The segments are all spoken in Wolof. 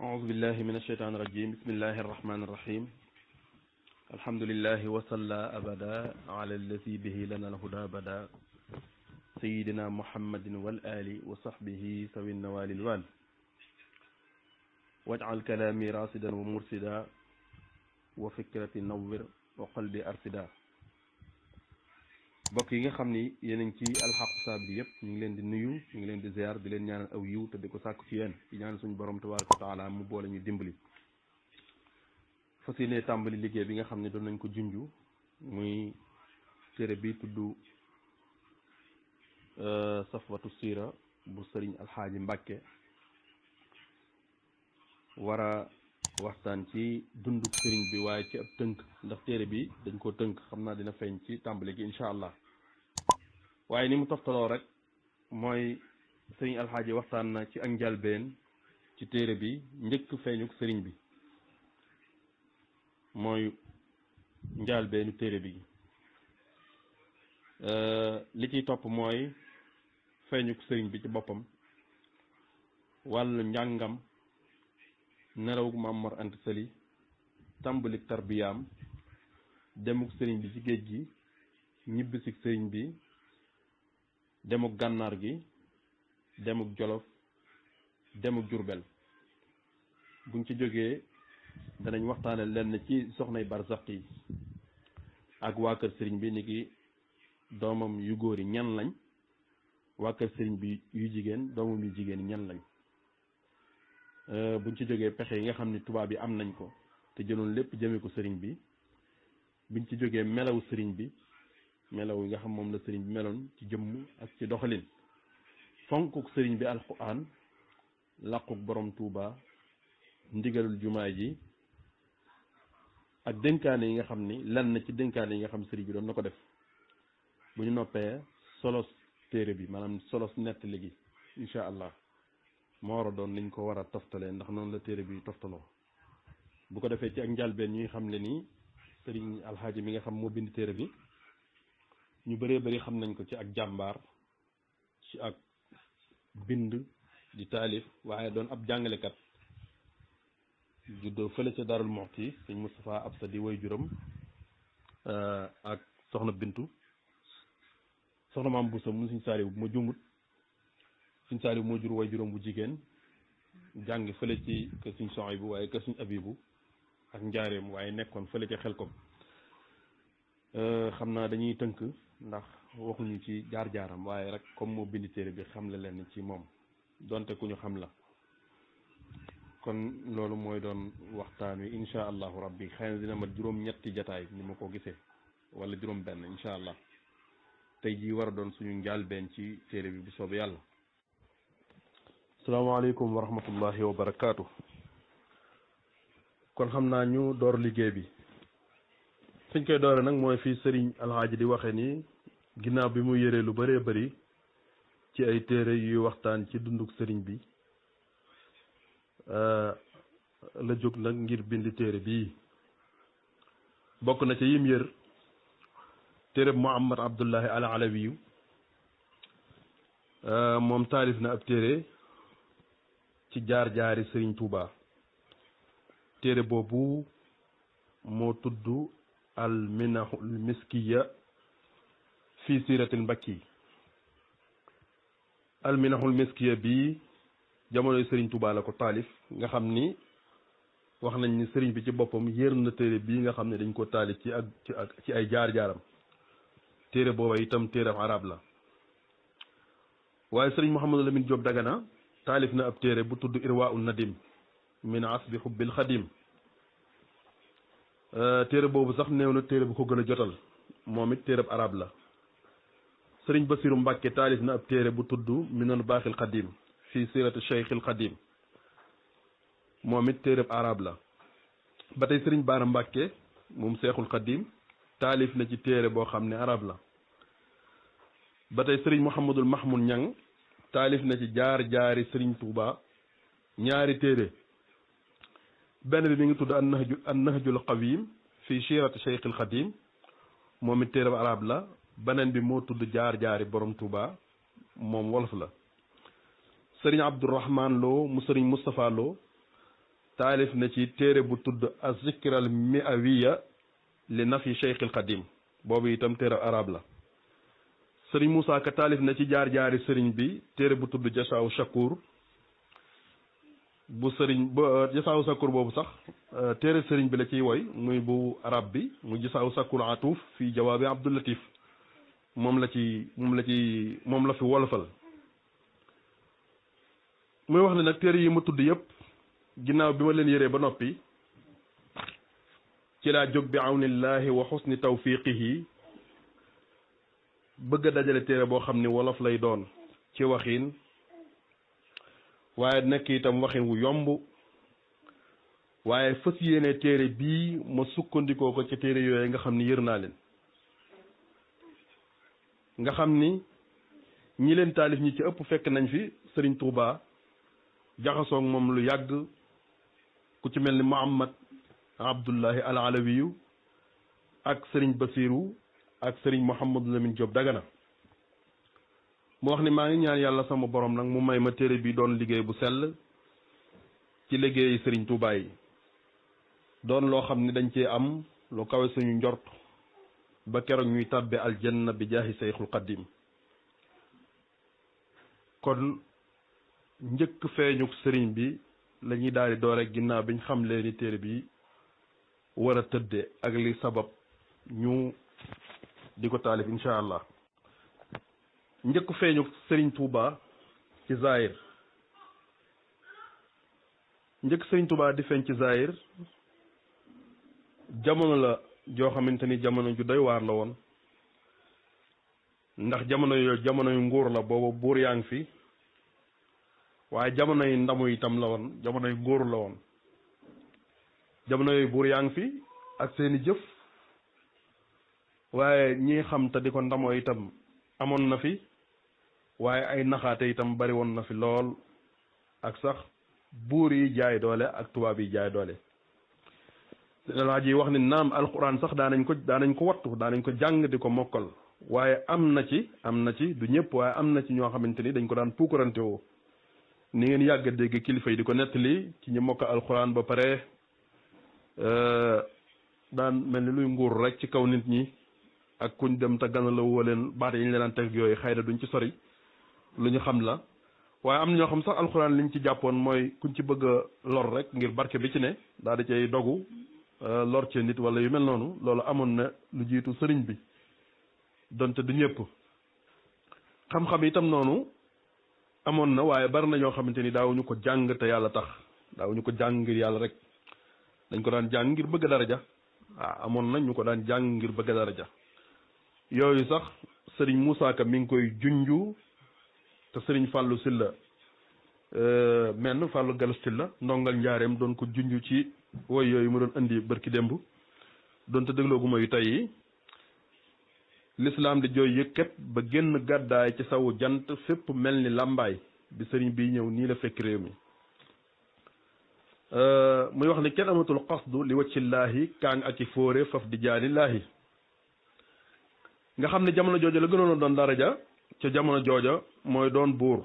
أعوذ بالله من الشيطان الرجيم بسم الله الرحمن الرحيم الحمد لله وصلى أبدا على الذي به لنا الهدى بدا سيدنا محمد والآل وصحبه سوي النوال الوال واجعل كلامي راسدا ومرسدا وفكرة نور وقلبي أرسدا بقي خمني ينكي الحق bi yëpp ñu ngi leen di nuyu ñu ngi leen di ziar di leen ñaanal aw yiw te di ko sàkku ci yéen di ñaan suñu borom tabaaraka wa taala mu boole ñu dimbali fas yéene tàmbali liggéey bi nga xam ne doon nañ ko junj muy téere bi tudd euh, safwatu siira bu sëriñ alxaaji mbàkke war waxtaan ci dunduk sëriñ bi waaye ci ab tënk ndax téere bi dañ koo tënk xam naa dina feeñ ci tàmbali gi incha allah waaye ni mu toftaloo rek mooy sëriñ alxaaji waxtaan na ci ak njalbeen ci téere bi njëkk feeñuk sëriñ bi mooy njalbeenu téere bi euh, li ciy topp mooy feeñuk sëriñ bi ci boppam wàllu njàngam nerawuk Maam Mor Anta Sali tàmbalik tarbiyaam demuk sëriñ bi ci géej gi ñibbisik sëriñ bi demuk gànnaar gi demuk jolof demuk jurbel buñ ci jógee danañ waxtaane lenn ci soxnay barsax yi ak waa kër sëriñ bi ni ki doomam yu góor yi ñan lañ waa kër sëriñ bi yu jigéen doomam yu jigéen ñan lañ euh, buñ ci jógee pexe yi nga xam ni tubaab yi am nañ ko te jëloon lépp jëmee ko sëriñ bi buñ ci jógee melawu sëriñ bi melaw yi nga xam moom la sëriñ bi meloon ci jëmm ak ci doxalin fonkuk sëriñ bi alquran làquk borom tuuba ndigalul jumaa ji ak dénkaane yi nga xam ni lan na ci dénkaane yi nga xam sëriñ bi doon na ko def bu ñu noppee solos téere bi maanaam solos nettali gi incha allah moo war a doon liñ ko war a toftalee ndax noonu la téere bi toftaloo bu ko defee ci ak njàlbeen ñuy xam ne nii sëriñ alxaaji mi nga xam moo bind téere bi ñu bëree bëri xam nañ ko ci ak jàmbaar ci ak bind di taalif waaye doon ab jàngalekat juddoo fële ca Daarul Muxti sëñ ab Absa di way juram eh, ak soxna Bintu soxna maam Boussa mu sëñ Saaliw bu ma jumut sëñ jur way juram bu jigéen jàng fële ci kër sëñ Sohaybu waaye kër sëñ Abibu ak njaareem waaye nekkoon fële ca ko eh, xam naa dañuy tënk ndax waxuñu ci jaar-jaaram waaye rek comme moo bind téere bi xam la leen ci moom donte ku ñu xam la kon loolu mooy doon waxtaan wi incha allahu rabbi xëy na dina mat juróom-ñetti jataay ni ma ko gisee wala juróom-benn incha allah tey jii war a doon suñu njàlbeen ci téere bi bu soobee yàlla. salaamaaleykum wa rahmatullahi wa barakaatu. kon xam naa ñu door liggéey bi. fiñ koy doore nag mooy fii sëriñ alxaaji di waxe nii ginnaaw bi mu yëree lu bëree bëri ci ay téere yuy waxtaan ci dunduk sëriñ bi euh, la jóg nag ngir bind téere bi bokk na ci yim yër téere bi Muhammad Abdullahi al Alawiyu euh, moom taalif na ab téere ci jaar-jaari sëriñ Touba téere boobu moo tudd alminahu almiskiya fi siratil mbakki alminahul miskiya bi jamonoy sëriñ tubaa ko taalif nga xam ni wax nañ ni sëriñ bi ci boppam yër na téere bii nga xam ne dañ ko taalif ci ak ci ak ci ay jaar-jaaram téere booba itam téeram arab la waaye sëriñ Mouhamadou Lamine Diop Dagana taalif na ab téere bu tudd irwaa un nadim min asbi xubbil xadim Euh, téere boobu sax néew na téere bu ko gën a jotal moom it téereb arab la sëriñ Basiru Mbàkke taalif na ab téere bu tudd Minanu Baaxil Xadim fii sirati Cheikhil Xadim moom it téereb arab la ba tey sëriñ Baara Mbàkke moom Seexul Xadim taalif na ci téere boo xam ne arab la ba tey sëriñ Mouhamadul Mahmoud Ñang taalif na ci jaar jaari sëriñ Touba ñaari téere benn bi mi ngi tudd an nahju an nahjul qawim fii siirati cheikh al xadim moom it téerab arab la beneen bi moo tudd jaar-jaari borom Touba moom wolof la sëriñ Abdourahman Lo mu sëriñ mustapha Lo taalif na ci téere bu tudd al miawiya li nafi cheikh al xadim boobu itam téerab arab la sëriñ Moussa Ka taalif na ci jaar-jaari sëriñ bi téere bu tudd jasaaw shakur bu sëriñ ba euh, jisaawu sakkur boobu sax euh, téere sëriñ bi la ciy woy muy bu arab bi mu jisaawu sakkur atuuf fii jawaabi abdulatif moom la ci moom la ci moom la fi wolofal muy wax na nag téere yi ma tudd yëpp ginnaaw bi ma leen yëree ba noppi ci laa jóg bi awnillahi wa xusni tawfiqihi bëgg a dajale téere boo xam ni wolof lay doon ci waxiin waaye nekk itam waxin wu yomb waaye fas yéene téere bii ma sukkandikoo ko ci téere yooyu nga xam ni yër naa leen nga xam ni ñi leen taalif ñi ci ëpp fekk nañ fi sëriñ Touba jaxasoog moom lu yàgg ku ci mel ni Muhammad Abdullahi al Alawiyu ak sëriñ Basiru ak sëriñ Mouhamadou Lamine Diop Dagana mu wax ni maa ngi ñaan yàlla sama boroom nag mu may ma téere bi doon liggéey bu sell ci liggéey sëriñ Tuubaa yi doon loo xam ni dañ cee am lu kawe suñu njort ba keroog ñuy tàbbe aljanna bi jaahi seyxul xaddim kon njëkk feeñuk sëriñ bi lañuy ñuy daal di doore ginnaaw biñ xam leen téere bi war a tëdde ak li sabab ñu di ko taalif incha allah njëkk feeñu Serigne Touba ci Zahir njëkk Serigne Touba di feeñ ci Zahir jamono la joo xamante ni jamono ju doy waar la woon ndax jamono jamono yu nguur la booba buur yaa ngi fi waaye jamono yi ndamu yitam la woon jamono yu nguur la woon jamono yooyu buur yaa ngi fi ak seeni jëf waaye ñi xam te di ko ndamoo itam amoon na fi waaye ay naxaate itam bari woon na fi lool ak sax buur yi jaay doole ak tubaab yi jaay doole laaj yi wax ni naam alxuraan sax daanañ ko daanañ ko wattu daanañ ko jàng di ko mokkal waaye am na ci am na ci du ñëpp waaye am na ci ñoo xamante ni dañ ko daan puukarante woo ni ngeen yàgg dégg kilifa yi di ko nettali ci ñu mokk alquran ba pare euh, daan mel ni luy nguur rek ci kaw nit ñi ak kuñ dem te gana la woo leen baata yi ñu leen daan teg yooyu xëy na duñ ci sori lu ñu xam la waaye am na ñoo xam sax alxuraan liñ ci jàppoon mooy ku ñu ci bëgg a lor rek ngir barke bi ci ne daal di cay dogu euh, lor cee nit wala yu mel noonu loolu amoon na lu jiitu sëriñ bi donte du ñëpp xam-xam itam noonu amoon na waaye bari na ñoo xamante ni daawuñu ko jàng te yàlla tax daawuñu ko jàng ngir yàlla rek dañ ko daan jàng ngir bëgg ja waaw amoon na ñu ko daan jàng ngir bëgg ja yooyu sax sëriñ Moussa mi ngi koy junju te sëriñ fàllu silla euh, menn fàllu galas silla ndongal njaareem doon ko junj ci woy yooyu mu doon indi bërki démb doon te dégloogu ma yu tey lislaam di jooy yëkkat ba génn gàddaay ci sawu jant fépp mel ni làmbaay bi sëriñ bi ñëw nii la fekk réew mi euh, muy wax ni kenn amatul qasdu li waccillaahi kaang ak i fóore faf di jaani laahi nga xam ne jamono jooju la gënoon a doon daraja ca jamono jooja mooy doon buur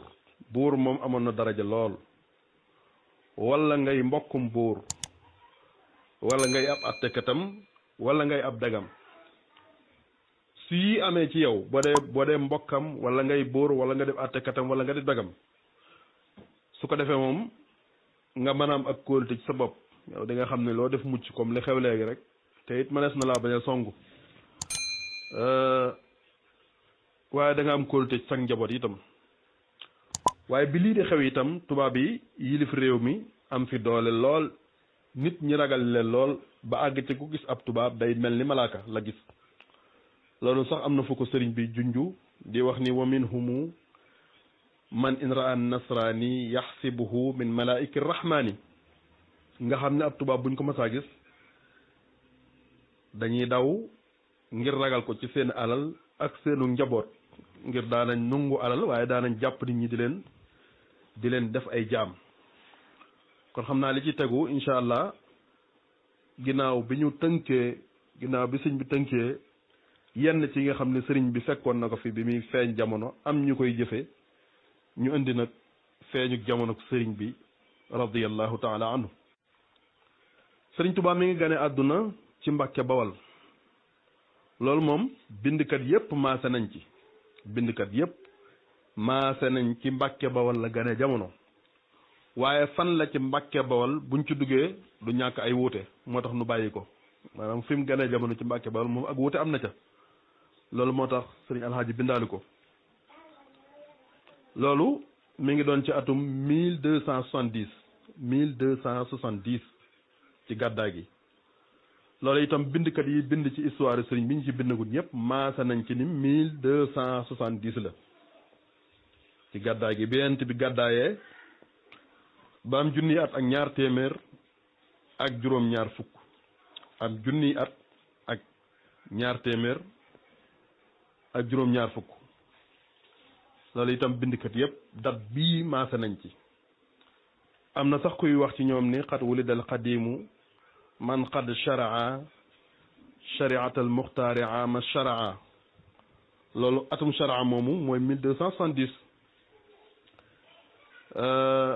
buur moom amoon na daraja lool walla ngay mbokkum buur wala ngay ab attekatam walla ngay ab degam su amee ci yow boo boo dee mbokkam wala ngay buur wala nga def attekatam wala nga def dagam su ko defee moom nga manaam ak kóolute ci sa bopp yow di nga xam ne loo def mucc comme li xew léegi rek te it mënees na laa bañ songu euh, waaye danga am kóolute ci sang njaboot itam waaye bi lii di xew itam tubaab yi yilif réew mi am fi doole lool nit ñi ragal leen lool ba àgg ci ku gis ab tubaab day mel ni malaaka la gis loolu sax am na fu ko sëriñ bi junju di wax ni wa minhumu man in raa nasraani yaxsibuhu min malaa'iki rahmaani nga xam ne ab tubaab buñ ko masaa gis dañuy daw ngir ragal ko ci seen alal ak seenu njaboot ngir daanañ nungu alal waaye daanañ jàpp nit ñi di leen di leen def ay jaam kon xam naa li ci tegu incha allah ginnaaw bi ñu tënkee ginnaaw bi sëñ bi tënkee yenn ci nga xam ni sëriñ bi fekkoon na ko fi bi muy feeñ jamono am ñu koy jëfe ñu indi nag feeñu jamono sëriñ bi radiyallahu taala anhu sëriñ Tuubaa mi ngi gane àdduna ci Mbàkke Bawal loolu moom bind bindkat yépp maase nañ ci bindkat yépp maase nañ ci mbàkke bawal la gane jamono waaye fan la ci mbàkke bawal buñ ci duggee du ñàkk ay wuute moo tax nu bàyyi ko maanaam fi mu gane jamono ci mbàkke bawal moom ak wuute am na ca loolu moo tax sëriñ alxaaji bindaali ko loolu mu ngi doon ci atum mille deux cent soixante dix mille deux cent soixante dix ci gàddaay gi loolu itam bindkat yi bind ci histoire sëriñ bi ñu ci bindagul ñëpp maasa nañ ci ni mille deux cent soixante dix la ci gàddaay gi benent bi gàddaayee ba am junniy at ak ñaar téeméer ak juróom-ñaar fukk am junniy ak ñaar ak juróom loolu itam bindkat yëpp dat bii maasa nañ ci am na sax kuy wax ci ñoom ni xat wulidal xadiimu man qad sharaa shariatal muxtaari ama sharaa loolu atum sharaa moomu mooy mille deux cent soixante dix euh,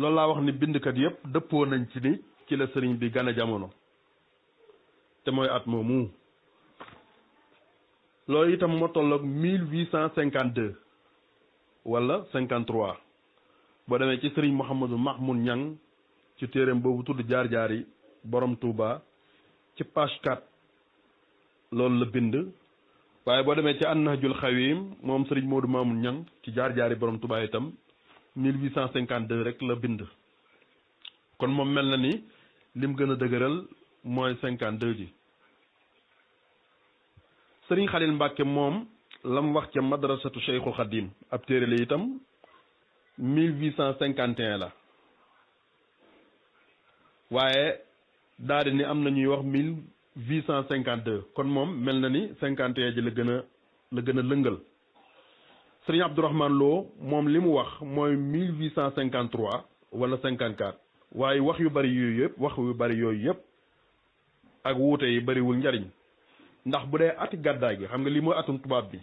loolu laa wax ni bindkat yëpp dëppoo nañ ci ni ci la sëriñ bi gane jamono te mooy at moomu loolu itam moo tolloog mille huit cent cinquante deux wala cinquante trois boo demee ci sëriñ Mouhamadou Mahmoud Niang ci téeréem boobu tudd jaar jaari yi borom Touba ci page loolu la bind waaye boo demee ci annahjul xawim moom Serigne Modou Mamoun Niang ci jaar-jaar jaari mille borom Touba itam 1852 rek la bind kon moom mel na ni lim gën a dëgëral mooy 52 ji Serigne Khalil Mbacke moom lam wax ca madrasatu Cheikhul Khadim ab téere la itam 1851 la. waaye daa ni am na ñuy wax mille huit cent cinquante deux kon moom mel na ni cinquante et un ji la gën a la gën a lëngal sëriñ Abdourahman Lo moom li mu wax mooy mille huit cent cinquante trois wala cinquante quatre waaye wax yu bari yooyu yëpp wax yu bari yooyu yëpp ak wuute yi bariwul njariñ ndax bu dee ati gàddaay gi xam nga li mooy atum tubaab bi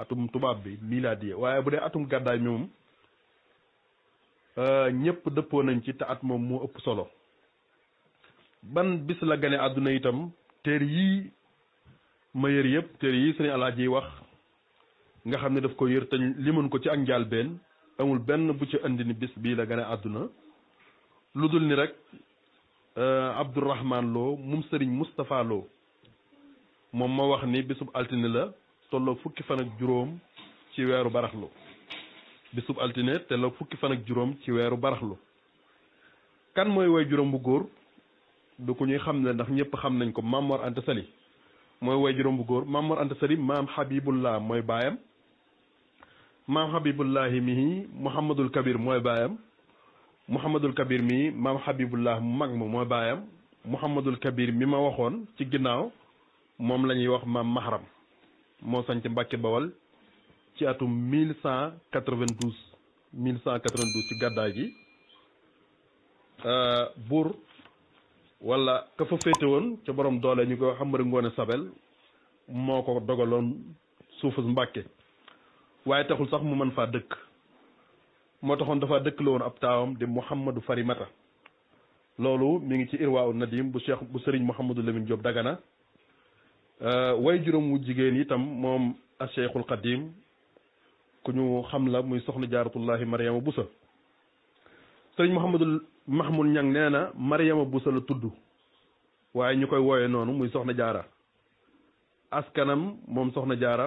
atum tubaab bi milaadi waaye bu dee atum gàddaay mi moom Euh, ñëpp dëppoo nañ ci te at moom moo ëpp solo ban bis la gane àdduna itam téer yii ma yër yëpp téer yii sëriñ alaaji yi wax nga xam ne daf ko yër te mën ko ci ak njaal benn amul benn bu ci andi ni bis bii la gane àdduna lu dul ni rek euh, Abdourahman Lo mum sëriñ Moustapha Lo moom ma wax ni bisub altine la solo fukki fan ak juróom ci weeru baraxlu bisub altine te la fukki fan ak juróom ci weeru baraxlu kan mooy way juróom bu góor du ko ñuy xam ne ndax ñëpp xam nañ ko Mamor Anta Sali mooy woy juróom bu góor Mamor Anta Sali maam Habibullah mooy baayam maam Habibullahi mii Mouhamadul Kabir mooy baayam Mouhamadul mii maam Habibullah mag ma mooy baayam Mouhamadul Kabir mi ma waxoon ci ginnaaw moom lañuy wax maam Mahram moo sañ ci Bawal ci atum mille cent quatre-vingt-douze mille cent quatre-vingt-douze ci gàddaay gi euh, buur wala ka fa féete woon ca borom doole ñu ko xam ngoone Sabel moo ko dogaloon suufu Mbàkke waaye taxul sax mu mën faa dëkk moo taxoon dafa dëkk la woon ab taawam di Mouhamadou Farimata loolu mu ngi ci Irwaa Nadim bu Cheikh bu sëriñ Mouhamadou Lamine Diop Dagana euh, way juróom wu jigéen itam moom a Cheikhul Qadim ku ñu xam la muy soxna jaaratullahi Mariama Busa sëriñ Mouhamadul Mahmoud Ñang nee na Mariama Busa la tudd waaye ñu koy wooye noonu muy soxna jaara askanam moom soxna jaara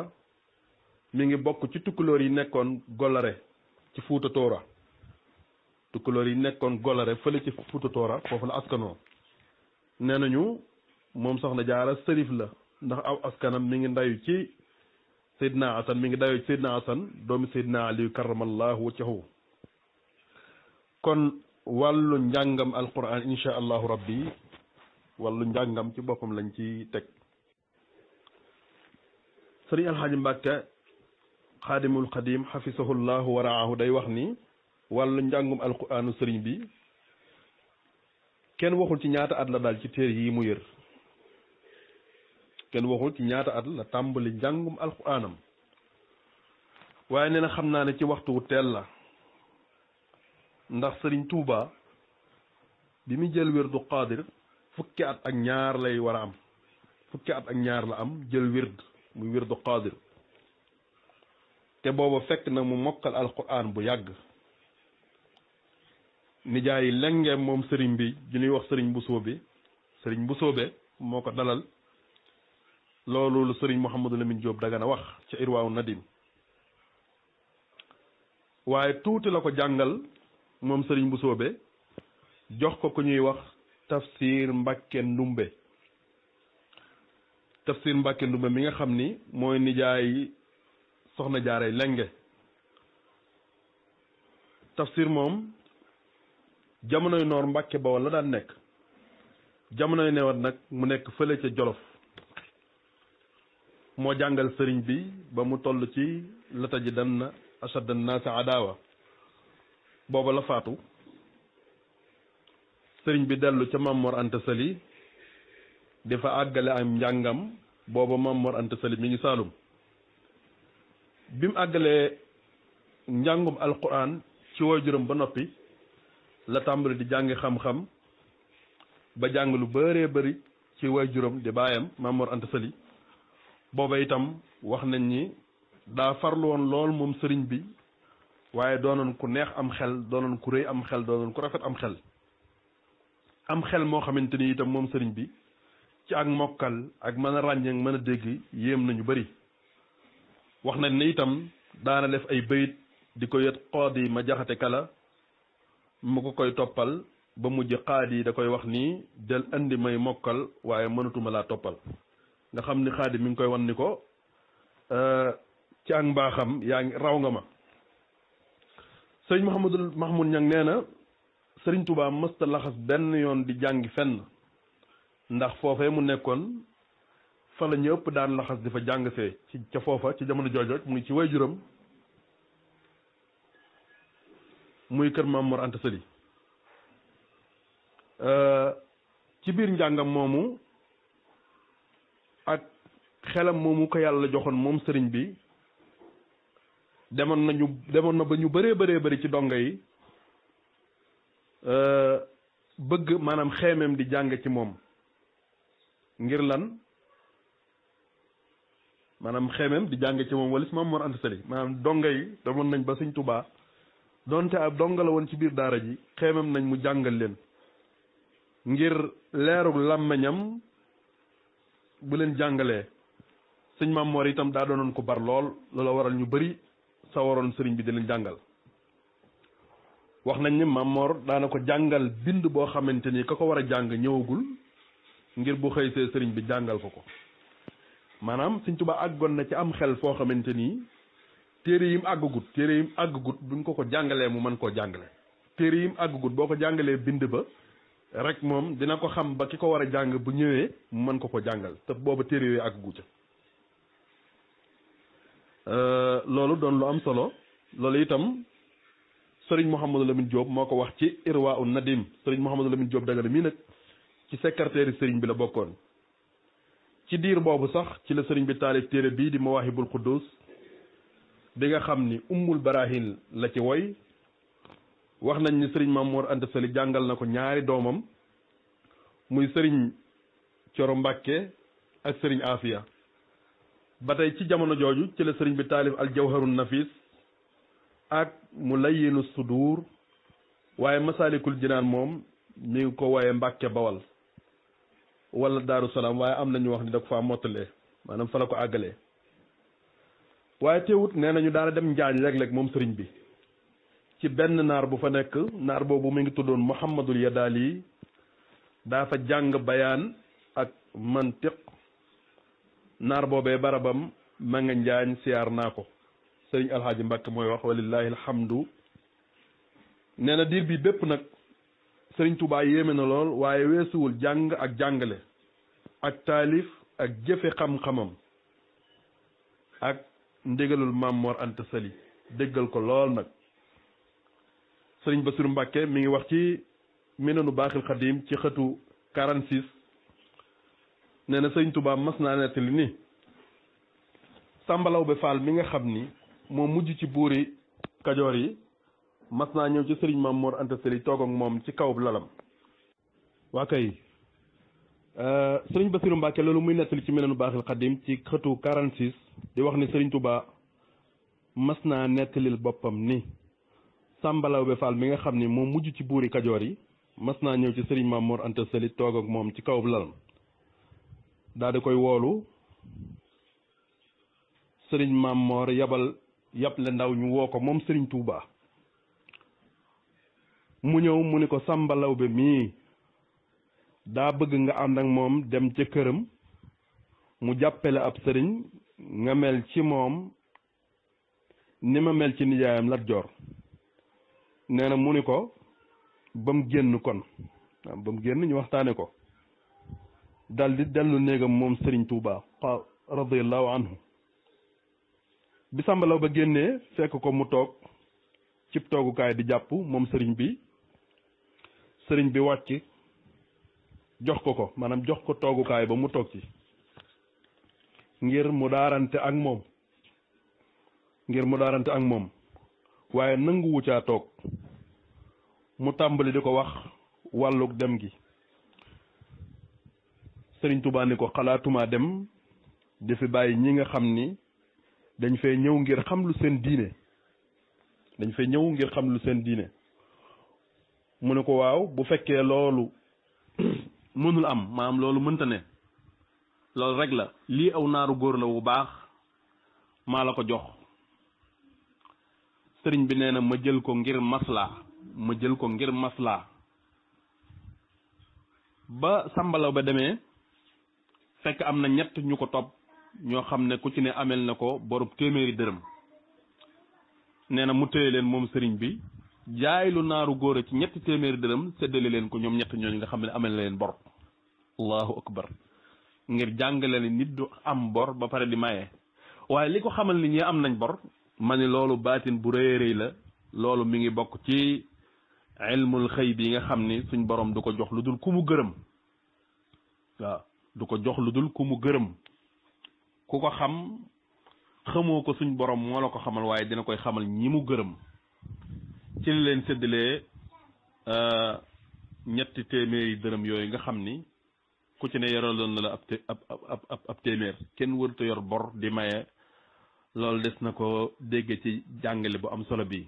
mu ngi bokk ci tukkulóor yi nekkoon golare ci Fuuta Toora yi nekkoon golare fële ci Fuuta Toora foofu la askanoo nee nañu moom soxna jaara sërif la ndax aw askanam mi ngi ndayu ci سيدنا عسن من داوي سيدنا عسن دوم سيدنا علي كرم الله وجهه كن والو نجانغم القرآن إن شاء الله ربي والو نجانغم تبقم لنجي تك سري الحاج مبكة خادم القديم حفظه الله ورعاه داي وخني والو نجانغم القرآن سري بي كن وخلتي نياتا أدلا دالكي تيري مير kenn waxul ci ñaata at la tàmbali njàngum alxuraanam waaye nee na xam naa ne ci waxtu wu teel la ndax sëriñ tuuba bi mu jël wérdu xaadir fukki at ak ñaar lay war am fukki at ak ñaar la am jël wird muy wérdu xaadir te booba fekk na mu mokkal alxuraan bu yàgg nijaay lengeem moom sëriñ bi ñu wax sëriñ bu Busoobe sëriñ Busoobe moo ko dalal loolu sëriñ sëriñ Mouhamadou Lamine Diop Dagana wax ca Irwaawu Nadim waaye tuuti la ko jàngal moom sëriñ bu soobe jox ko ku ñuy wax tafsir Mbàkke Ndumbe tafsir Mbàkke Ndumbe mi nga xam ni mooy nijaay soxna jaaray lenge tafsir moom jamonoy noor Mbàkke Bawol la daan nekk jamonoy newat nag mu nekk fële ca Jolof moo jàngal sëriñ bi ba mu toll ci la tajidanna ashadda nnaasi adaawa booba la faatu sëriñ bi dellu ca Maam Mor Anta àggale am njàngam booba Maam Mor Anta mi ngi Saalum bi mu àggalee njàngum alquran ci woy juróom ba noppi la tàmbali di jàngi xam-xam ba jàng lu bëree bëri ci woy juróom di baayam Maam Mor booba itam wax nañ ni daa farlu woon lool moom sëriñ bi waaye doonoon ku neex am xel doonoon ku rëy am xel doonoon ku rafet am xel am xel moo xamante ni itam moom sëriñ bi ci ak mokkal ak mën a ràññee mën a dégg yéem nañu bari wax nañ ni itam daana def ay bayit di ko yët xood yi ma jaxate kala mu ko koy toppal ba mujj xaad yi da koy wax nii del indi may mokkal waaye mënatuma laa toppal nga xam ni xaadim mi ngi koy wan ni ko euh, ci ak mbaaxam yaa ngi raw nga ma sëñ Mouhamadul Mahmoud ñang nee na sëriñ Touba mësta laxas benn yoon di jàngi fenn ndax foofee mu nekkoon fa la ñu daan laxas di fa jàng see ci ca foofa ci jamono joojoj muy ci waajuram muy kër Maam Mor Anta euh, ci biir njàngam moomu ak xelam moomu ko yàlla joxoon moom sëriñ bi demoon nañu demoon na ba ñu bëree bare bëri ci donga yi euh, bëgg maanaam xeemeem di jàng ci moom ngir lan maanaam xeemeem di jàng ci moom wala si maam Mor Anta Sali maanaam donga yi demoon nañ ba sëñ Tubaa donte ab donga la woon ci biir daara ji xeemeem nañ mu jàngal leen ngir leerug làmmiñam bu leen jàngalee sëñ Maam Mor itam daa doonoon ko bar lool loola waral ñu bari sa waroon sëriñ bi di leen jàngal wax nañ ni Maam Mor daana ko jàngal bind boo xamante ni ka ko war a jàng ñëwagul ngir bu xëy see sëriñ bi jàngal ko ko maanaam sëñ Tuubaa àggoon na ci am xel foo xamante ni téere yim àggagut téere yim àggagut buñ ko ko jàngalee mu mën koo jàngale téere yim àggagut boo ko jàngalee bind ba rek moom dina ko xam ba ki ko war a jàng bu ñëwee mu mën ko ko jàngal te boobu téere yooyu ak gucca euh, loolu doon lu am solo loolu itam sëriñ Mouhamadou Lamine Diop moo ko wax ci Irwa u Nadim sëriñ Mouhamadou Lamine Diop Dagana mii nag ci secrétaire sëriñ bi la bokkoon ci diir boobu sax ci la sëriñ bi taalif téere bii di Mawahibul Quddus bi nga xam ni ummul barahin la ci woy wax nañ ni sëriñ Maam Mor Anta jàngal na ko ñaari doomam muy sëriñ Coro Mbàkke ak sëriñ Afia ba tey ci jamono jooju ci la sëriñ bi taalif al jawharun nafis ak mu layyinu sudur waaye masaalikul jinaan moom mu ngi ko waaye Mbàkke Bawal wala Daaru Salaam waaye am na ñu wax ni da ko faa maanaam fa la ko àggalee waaye teewut nee nañu daana dem njaañ léeg-léeg moom sëriñ bi ci benn naar bu fa nekk naar boobu mu ngi tuddoon Muhammadul Yadaali daa fa jàng bayaan ak mantiq naar boobee barabam ma nga njaañ siyaar naa ko sëriñ alxaaji Mbàkke mooy wax walillahi alhamdu nee na diir bi bépp nag sëriñ Tuubaa yéeme na lool waaye weesuwul jàng ak jàngale ak taalif ak jëfe xam-xamam ak ndigalul Maam Mor déggal ko lool nag sëriñ Bassirou Mbacke mi ngi wax ci minanu baaxil xadim ci xëtu 46 nee na sëriñ Touba mas naa nettali ni sàmbalaw be faal mi nga xam ni moo mujj ci buuri kajoor yi mas naa ñëw ci sëriñ Maam Mor Anta Sali toog ak moom ci kawub lalam waa kay euh, sëriñ Bassirou Mbacke loolu muy nettali ci minanu baaxil xadim ci xëtu 46 di wax ni sëriñ Touba mas naa nettalil boppam ni Samba Lawbe Fall bi nga xam ni moo mujj ci buuri kajoor yi mas naa ñëw ci sëriñ Maam Mor Anta toog ak moom ci kawub lalam daal koy woolu sëriñ Maam Mor yabal yable ndaw ñu woo ko moom sëriñ Touba mu ñëw mu ni ko Samba Lawbe mii daa bëgg nga ànd ak moom dem ca këram mu jàppale ab sëriñ nga mel ci moom ni ma mel ci nijaayam Lat Joor nee na mu ni ko ba mu génn kon waaw ba mu génn ñu waxtaane ko dal di dellu néegam moom sëriñ Tuuba radiallahu anhu bi sàmbalaw ba génnee fekk ko mu toog cib toogukaay di jàpp moom sëriñ bi sëriñ bi wàcc jox ko ko maanaam jox ko toogukaay ba mu toog ci ngir mu daarante ak moom ngir mu daarante ak moom waaye nanguwu caa toog mu tàmbali di ko wax wàllug dem gi sëriñ Tuubaa ko xalaatuma dem di fi bàyyi ñi nga xam ni dañ fee ñëw ngir xam lu seen diine dañ fee ñëw ngir xam lu seen diine mu ne ko waaw bu fekkee loolu mënul am maam loolu mënta ne loolu rek la lii aw naaru góor la wu baax maa la ko jox sëriñ bi nee na ma jël ko ngir maslaa ma jël ko ngir maslaa ba sàmbalaw ba demee fekk am na ñett ñu ko topp ñoo xam ne ku ci ne amel na ko borub téeméeri dërëm nee na mu téye leen moom sëriñ bi jaay naaru góor a ci ñett téeméeri dërëm séddale leen ko ñoom ñett ñooñu nga xam ne amel na leen bor allahu akbar ngir jàngale ne nit du am bor ba pare di maye waaye li ko xamal ni ñi am nañ bor ma ni loolu baatin bu rëy rëy la loolu mi ngi bokk ci ilmul xëy bi nga xam ni suñ borom du ko jox lu dul ku mu gërëm waaw du ko jox lu dul ku mu gërëm ku ko xam xamoo ko suñ borom moo la ko xamal waaye dina koy xamal ñi mu gërëm ci li leen séddalee euh, ñetti téeméeri dërëm yooyu nga xam ni ku ci ne yoraloon na la ab ab ab téeméer kenn wërta yor bor di maye loolu des na ko dégg ci jàngale bu am solo bi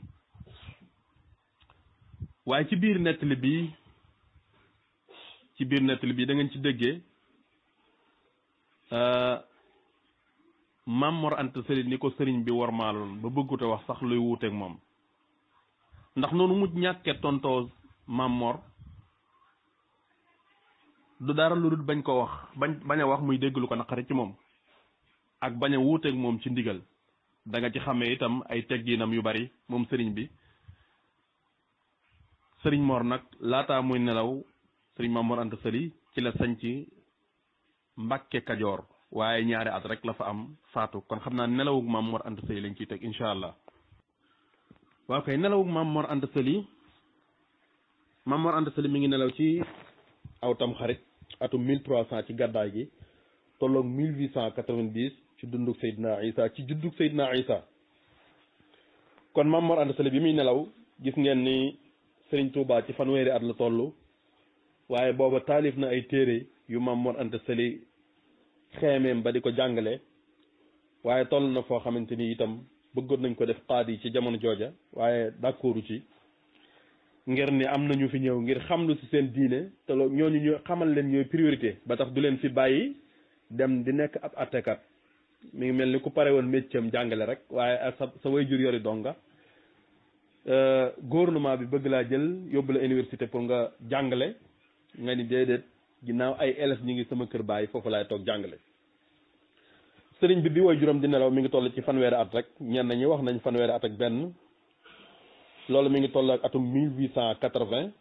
waaye ci biir nettali bi ci biir nettali bi da ci dégge euh, Maam Mor Anta Sali ni ko sëriñ bi wormaaloon ba bëggute wax sax luy wuuteeg moom ndax noonu mu ñàkkee tontoo Maam Mor du dara lu dul bañ ko wax bañ bañ a wax muy dégg lu ko naqari ci moom ak bañ a moom ci ndigal da nga ci xamee itam ay tegginam yu bari moom sëriñ bi sëriñ Mor nag laataa muy nelaw sëriñ Maam Mor Anta Sali ci la sañ ci Mbàkke Kajoor waaye ñaari at rek la fa am faatu kon xam naa nelawug Maam Mor Anta lañ ciy teg incha allah waaw kay nelawug Maam Mor Anta Sali mi ngi nelaw ci aw tam xarit atum 1300 ci gàddaay gi tolloog 1890 ci dundug Seydina Isa ci juddug Seydina Isa kon Maam Mor bi muy nelaw gis ngeen ni Serigne Touba ci fanweeri at la toll waaye booba taalif na ay téere yu Maam Mor Anta Sali xeemeem ba di ko jàngale waaye toll na foo xamante ni itam bëggoon nañ ko def xaad yi ci jamono jooja waaye d'accordu ci ngir ni am nañu fi ñëw ngir xam lu ci seen diine te loolu ñooñu ñu xamal leen ñooy priorité ba tax du leen fi bàyyi dem di nekk ab attekat mi ngi mel ni ku pare woon métier jàngale rek waaye sa sa way jur yori donga euh, gouvernement bi bëgg laa jël yóbbu la université pour nga jàngale nga ni déedéet ginnaaw ay élèves ñu ngi sama kër bàyyi foofu laay toog jàngale sëriñ bi bi way juróom di nelaw mi ngi toll ci fanweeri at rek ñenn ñi wax nañ fanweeri at ak benn loolu mi ngi toll ak atum mille huit cent quatre-vingt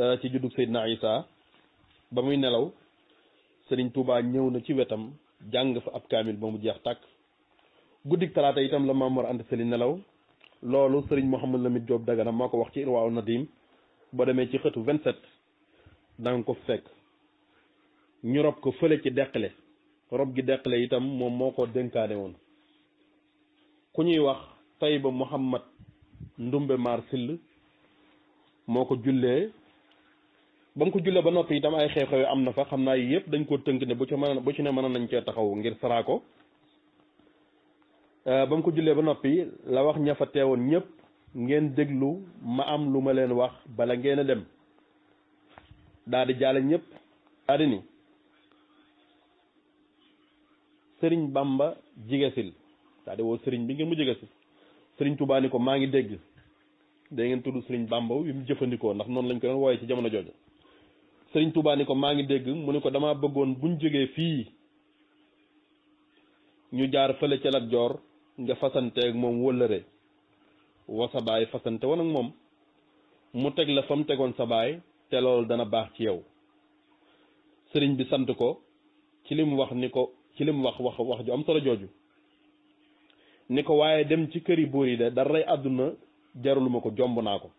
euh, ci juddug Seydina Isa ba muy nelaw sëriñ Touba ñëw na ci wetam jàng fa ab kaamil ba mu jeex tàkk guddik talaata yi tam la Maam ànd Anta Sali nelaw loolu sëriñ Mouhamed Lamine Diop Dagana moo ko wax ci Irwaaw Nadim boo demee ci xëtu 27 da nga ko fekk ñu rob ko fële ci deqale rob gi deqale itam moom moo ko dénkaane woon ku ñuy wax Tayba Mouhamad Ndumbe Maar Sill moo ko jullee ba mu ko jullee ba noppi itam ay xew-xew am na fa xam naa yëpp dañ ko tënk ne bu ci mën bu ci ne mën nañ cee taxaw ngir saraa ko euh, ba mu ko jullee ba noppi la wax ña fa teewoon ñëpp ngeen déglu ma am lu ma leen wax bala ngeen a dem daa di jaale ñëpp daa di ni sëriñ Bamba jigesil daa woo sëriñ bi ngeen mu jigesil sëriñ Tuubaa ni ko maa ngi dégg da ngeen tudd sëriñ Bamba wi mu jëfandikoo ndax noonu lañ ko doon wooyee ci jamono jooju sëriñ Touba ni ko maa ngi dégg mu ne ko dama bëggoon bu ñu jógee fii ñu jaar fële ca Joor nga fasante ak moom wëllëre wa sa baay fasante woon ak moom mu teg la fa mu tegoon sa baay te loolu dana baax ci yow sëriñ bi sant ko ci li wax ni ko ci li mu wax wax wax ju am solo jooju ni ko waaye dem ci këri buur yi de daray àdduna jaraluma ko jomb naa ko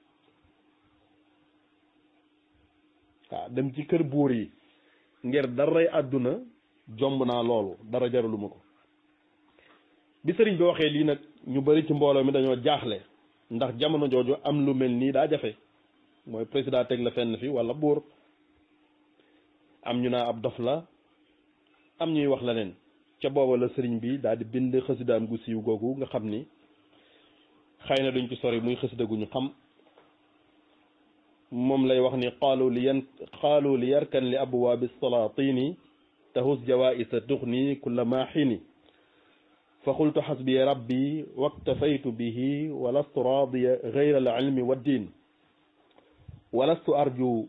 waa dem ci kër buur yi ngir daray àdduna jomb naa loolu dara jaraluma ko bi sëriñ bi waxee lii nag ñu bari ci mbooloo mi dañoo jaaxle ndax jamono jooju am lu mel nii daa jafe mooy président teg la fenn fi walla buur am ñu naa ab dof la am ñuy wax leneen ca booba la sëriñ bi daal di bind xasidaam gu siiw googu nga xam ni xëy na duñ ci sori muy xasida xam موم لاي وخني قالوا لي قالوا ليركن لابواب السلاطين تهز جوائز تغني كل ما حين فقلت حسبي ربي واكتفيت به ولست راضي غير العلم والدين ولست ارجو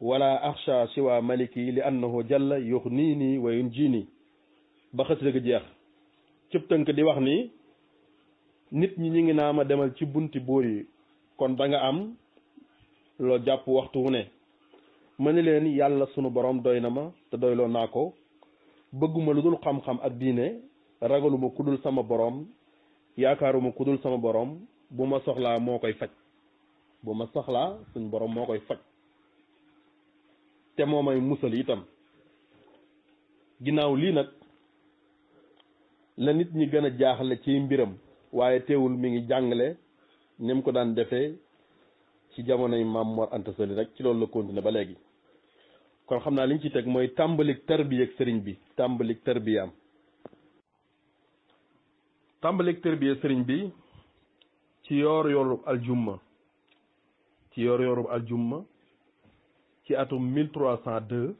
ولا اخشى سوى ملكي لانه جل يغنيني وينجيني بخس دغ جيخ تيبتنك دي وخني نيت ني نيغي ناما ديمال سي بونتي بوري كون باغا ام loo jàpp waxtu wu ne ma ne leen yàlla sunu borom doy na ma te doyloo naa ko bëgguma lu dul xam-xam ak diine ragaluma ku dul sama borom yaakaaruma ku dul sama borom bu ma soxlaa moo koy faj bu ma soxlaa suñ borom moo koy faj te moo may musal itam ginnaaw lii nag la nit ñi gën a jaaxle ci mbiram waaye teewul mi ngi jàngale ni ko daan defee ci jamonoy maam Mor Anta Sali rek ci loolu la continué ba léegi kon xam naa li ñu ci teg mooy tàmbalik tarbiya ak sëriñ bi tàmbalik tarbiyaam tàmbalik tarbiya sëriñ bi ci yoor yoorub aljumma ci yoor yoorub aljumma ci atum mille trois cent deux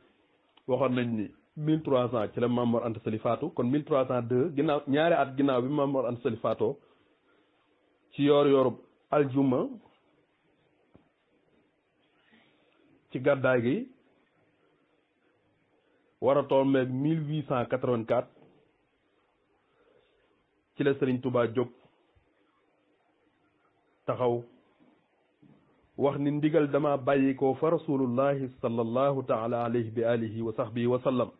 waxoon nañ ni mille trois cent ci la maam Mor Anta faatu kon mille trois cent deux ginnaaw ñaari at ginnaaw bi maam Mor Anta faatoo ci yoor yoorub aljumma ci gàddaay gi war a tombeeg mille huit cent quatre-vingt-quatre ci la Sëriñ Tuubaa jóg taxaw wax ni ndigal dama bàyyi ko fa rasulullahi sallallahu taala alayhi bi alihi wa sahbihi wa sallam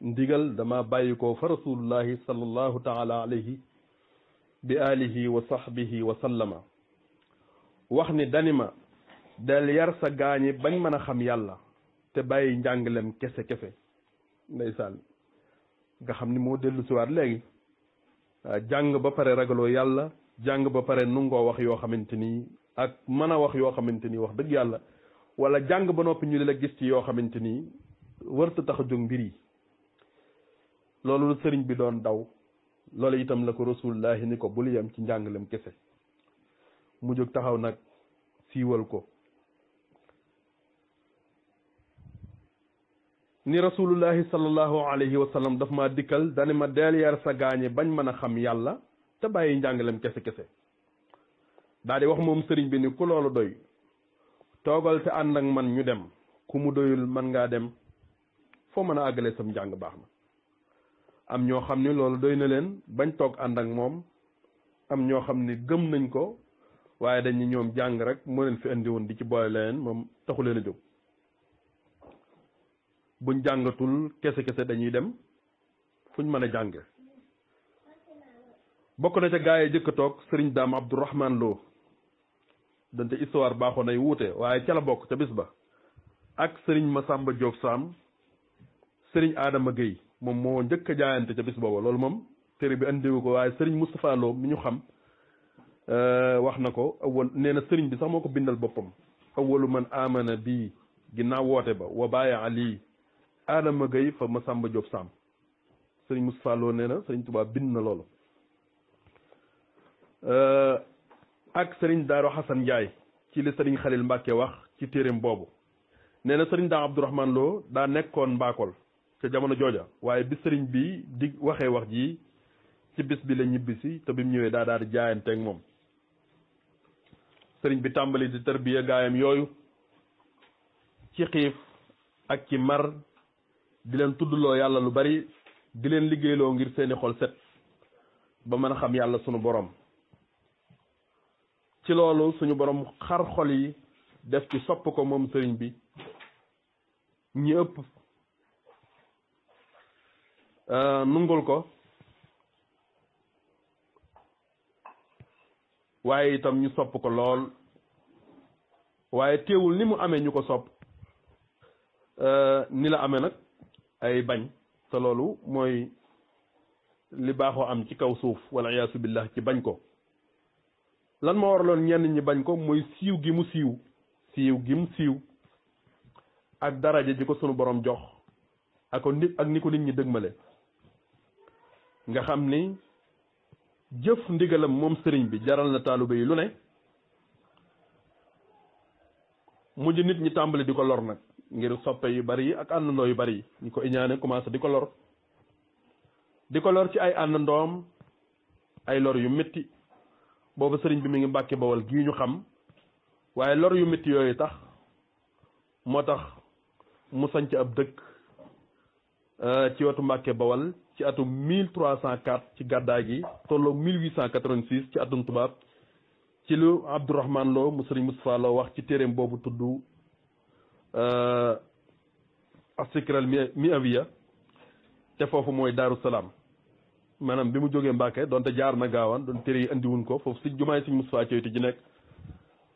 ndigal dama bàyyi ko fa rasulullahi sallallahu taala alayhi bi alihi wa sahbihi wa sallama wax ni danima del yar sa gaañi bañ mën a xam yàlla te bàyyi njàng njàngalem kese kese ndeysaan nga xam ni moo dellu siwaat léegi ah, jàng ba pare ragaloo yàlla jàng ba pare nungoo wax yoo xamante ni ak mën a wax yoo xamante ni wax dëgg yàlla wala jàng ba noppi ñu di la gis ci yoo xamante ni wërta tax a jóg mbir yi loolu sëriñ bi doon daw loolu itam la ko rasulullahi ni ko bul yem ci njàng njàngalem kese mu jóg taxaw nag siiwal ko ni rasulullahi sallallahu alayhi wa sallam daf maa dikkal dani ma deel yar sa gaañe bañ mën a xam yàlla te bàyyi njàngalem kese-kese daal di wax moom sëriñ bi ni ku loolu doy toogal te ànd ak man ñu dem ku mu doyul man ngaa dem foo mën a àggale sam njàng baax na am ñoo xam ni loolu doy na leen bañ toog ànd ak moom am ñoo xam ni gëm nañ ko waaye dañu ñoom jàng rek moo leen fi indi woon di ci boole leen moom taxu leen a jóg buñ jàngatul kese-kese dañuy dem fuñ mën a jànge bokk na ca gaay yi jëkk a toog sëriñ daam abdourahman loo dante histoire baaxoon nay wuute waaye ca bokk ca bis ba ak sëriñ ma masamba Diop saam sëriñ aadama Gueye moom moo njëkk a jaayante ca bis booba loolu moom téere bi andiwu ko waaye sëriñ Moustapha Lo mi ñu xam euh, wax na ko awal nee sëriñ bi sax moo ko bindal boppam awalu man amana bii ginnaaw woote ba wa ali Adama Gaye fa ma Diop Samb sëñ Moustapha Lo nee na sëñ Touba bind na loolu euh, ak sëriñ Daaro Xasan Ndiaye ci li sëriñ Xalil Mbàkke wax ci téeréem boobu nee na sëriñ daa Abdourahman Lo daa nekkoon Mbakol ca jamono jooja waaye bi sëriñ bi di waxee wax ji ci bis bi la ñibbisi te bi ñëwee daa daal di jaayanteeg moom sëriñ bi tàmbali di tarbiya gaayam yooyu ci xiif ak ci mar di leen tuddloo yàlla lu bari di leen liggéeyloo ngir seeni xol set ba mën a xam yàlla suñu borom ci loolu suñu borom xar xol yi def ci sopp ko moom sëriñ bi ñi ëpp euh, nungul ko waaye itam ñu sopp ko lool waaye teewul ni mu amee ñu ko sopp euh, ni la amee nag ay bañ te loolu mooy li baaxoo am ci kaw suuf wala iyaasu billah ci bañ ko lan moo waraloon ñenn ñi bañ ko mooy siiw gi mu siiw siiw gi mu siiw ak daraja ji ko sunu boroom jox ak ko ak ni ko nit ñi dëgmale nga xam ni jëf ndigalam moom sëriñ bi jaral na taalibe yi lu ne mujj nit ñi tàmbali di ko lor nag ngir soppe yu bari yi ak àndandoo yu bari yi ñu ko iñaane commencé di ko lor di ko lor ci ay àndandoom ay lor yu metti boobu sëriñ bi mi ngi mbàkke bawal gi ñu xam waaye lor yu métti yooyu tax moo tax mu sanc ab dëkk euh, ci wetu mbàkke bawal ci atum mille trois cent quatre ci gàddaay gi tolloo mille huit cent quatre-vingt-six ci atum tubaab ci lu Abdourahman Lo mu sëriñ Moustapha Lo wax ci téeréem boobu tudd mi mi euh, a asikral ya te foofu mooy daaru salaam maanaam bi mu jógee Mbàkke donte jaar na gaawaan doonte téere yi andiwuñ ko foofu si jumaay Sëriñ Moustapha Coyti ji nekk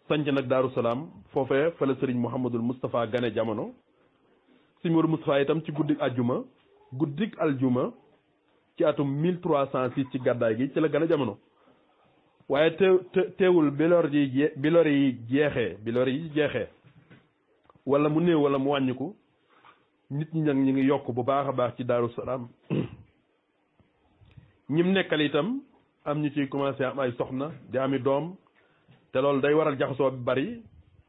sanc nag daaru salaam foofee fa la Sëriñ Mouhamadul Moustapha gane jamono Sëriñ Moodu Moustapha itam ci guddik aljuma guddik aljuma ci atum mille trois cent six ci gàddaay gi ci la gane jamono waaye teew teewul bi lor yi jeexee bi yi jeexee wala mu néew wala mu wàññiku nit ñi nag ñu ngi yokk bu baax a baax ci daaru salaam ñim nekkal itam am ñu ci commencé am ay soxna di ami doom te loolu day waral jaxasoo bi bari